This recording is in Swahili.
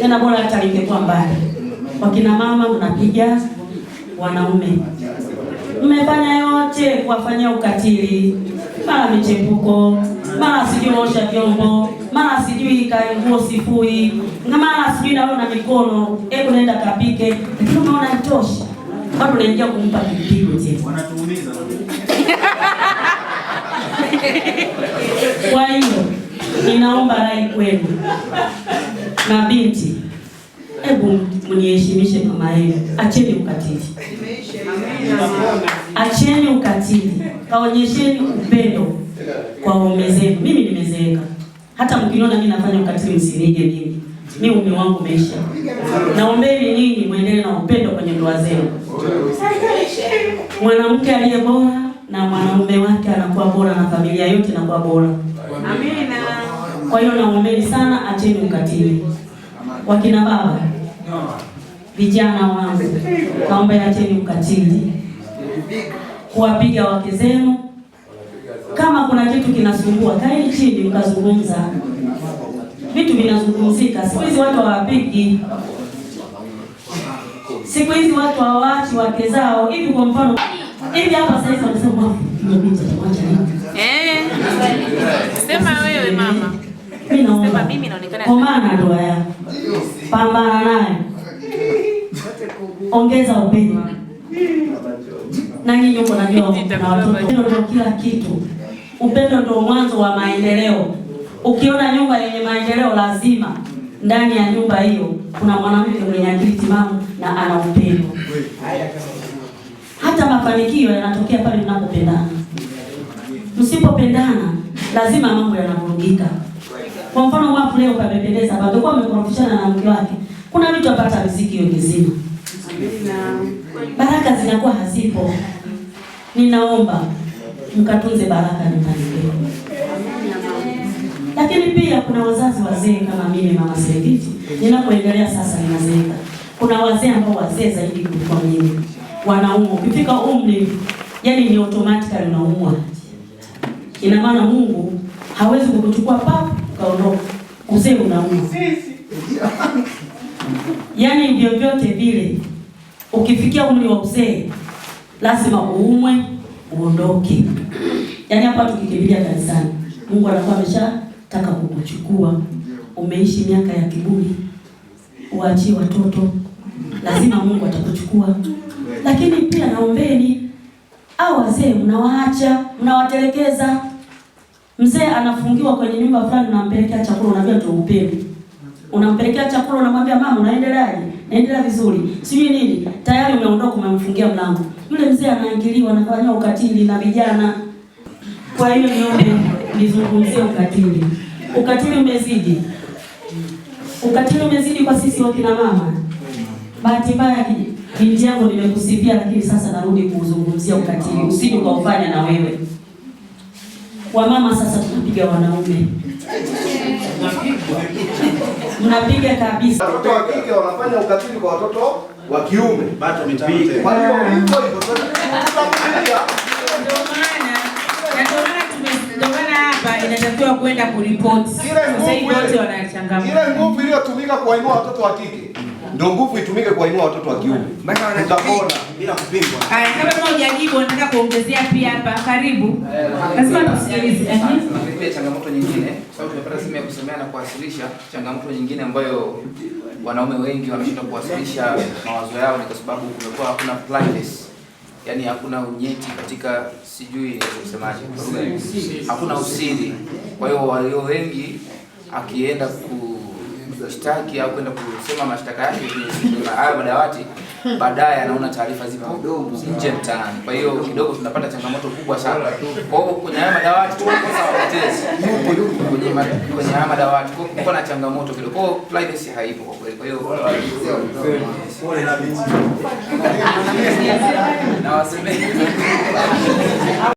tena bora hata lingekuwa mbali. Wakina mama mnapiga wanaume, mmefanya yote kuwafanyia ukatili, mara michepuko, mara sijui osha vyombo, mara sijui kae nguo sifui, na mara sijui nawe na mikono, hebu naenda kapike, lakini umeona itoshi, bado unaingia kumpa kipigo tena, wanatuumiza kwa hiyo ninaomba rai kwenu, mabinti, hebu mniheshimishe mama yenu. Acheni ukatili, acheni ukatili, kaonyesheni upendo kwa waume zenu. Mimi nimezeeka, hata mkiniona mimi nafanya ukatili msinige mimi, mi ume wangu umeisha. Naombeni nyinyi mwendelee na upendo kwenye ndoa zenu. Mwanamke aliye bora na mwanaume wake anakuwa bora na familia yote inakuwa bora. Amen. Kwa hiyo naombeni sana, acheni ukatili. Wakina baba, vijana wangu, naomba acheni ukatili, kuwapiga wake zenu. Kama kuna kitu kinasumbua, kaeni chini mkazungumza, vitu vinazungumzika. Siku hizi watu hawapiki siku hizi watu hawaachi wake zao hivi. Kwa mfano hivi hapa sasa hivi wanasema eh, mimi inaonekana. Komana ndoa yako, pambana naye, ongeza upendo na nyinyi mko najua na ndio kila kitu. Upendo ndio mwanzo wa maendeleo. Ukiona nyumba yenye maendeleo, lazima ndani ya nyumba hiyo kuna mwanamke mwenye akili timamu na ana upendo. Hata mafanikio yanatokea pale mnapopendana. Msipopendana, lazima mambo yanavurugika. Kwa mfano wapo leo pamependeza, bado kwa amekorofishana na mke wake, kuna mtu apata riziki hiyo nzima, baraka zinakuwa hazipo. Ninaomba mkatunze baraka nyumbani kwenu, lakini pia kuna wazazi wazee kama mimi, mama Serengeti, ninapoendelea sasa ninazeeka, kuna wazee ambao wazee zaidi kuliko mimi, wanaumwa ukifika umri yani ni automatically unaumwa. Ina maana Mungu hawezi kukuchukua papo anaondoka uzee unauma. Yaani vyovyote vile ukifikia umri wa uzee lazima uumwe uondoke. Yaani hapa tukikimbilia kanisani, Mungu anakuwa ameshataka kukuchukua. Umeishi miaka ya kiburi, uachie watoto, lazima Mungu atakuchukua. Lakini pia naombeni, au wazee mnawaacha, mnawatelekeza Mzee anafungiwa kwenye nyumba fulani, unampelekea chakula, unaambia tu upendo, unampelekea chakula, unamwambia mama, unaendeleaje? Naendelea vizuri, sijui nini, tayari umeondoka, umemfungia mlango. Yule mzee anaingiliwa, anafanya ukatili na vijana. Kwa hiyo niombe nizungumzie ukatili. Ukatili umezidi, ukatili umezidi kwa sisi wakina mama. Bahati mbaya binti yangu nimekusifia, lakini sasa narudi kuzungumzia ukatili, usije ukaufanya na wewe mama sasa tunapiga wanaume, mnapiga kabisa. Watoto wa kike wanafanya ukatili kwa watoto wa kiume. Inatakiwa kwenda kuripoti. Ile nguvu iliyotumika kuwainua watoto wa kike ndio nguvu itumike kuwainua watoto wa kiume. Tutapona bila kupingwa. Haya, kama mmoja ajibu, nataka kuongezea pia hapa. Karibu, lazima tusikilize. Mhm. Pia changamoto nyingine, sababu tumepata simu ya kusemea na kuwasilisha changamoto nyingine ambayo wanaume wengi wameshindwa kuwasilisha mawazo yao, ni kwa sababu kumekuwa hakuna plans yaani hakuna unyeti katika, sijui kusemaje, hakuna usiri. Kwa hiyo walio wengi akienda ku kushtaki au kwenda kusema mashtaka yake kwenye hayo madawati, baadaye anaona taarifa zipo kidogo nje mtaani. Kwa hiyo kidogo tunapata changamoto kubwa sana. Kwa hiyo kwenye haya madawati tu tunakosa watetezi, yupo yupo kwenye kwenye haya madawati, kwa hiyo kuna changamoto kidogo, kwa hiyo privacy haipo kwa kweli. Kwa hiyo pole na binti na wasemeni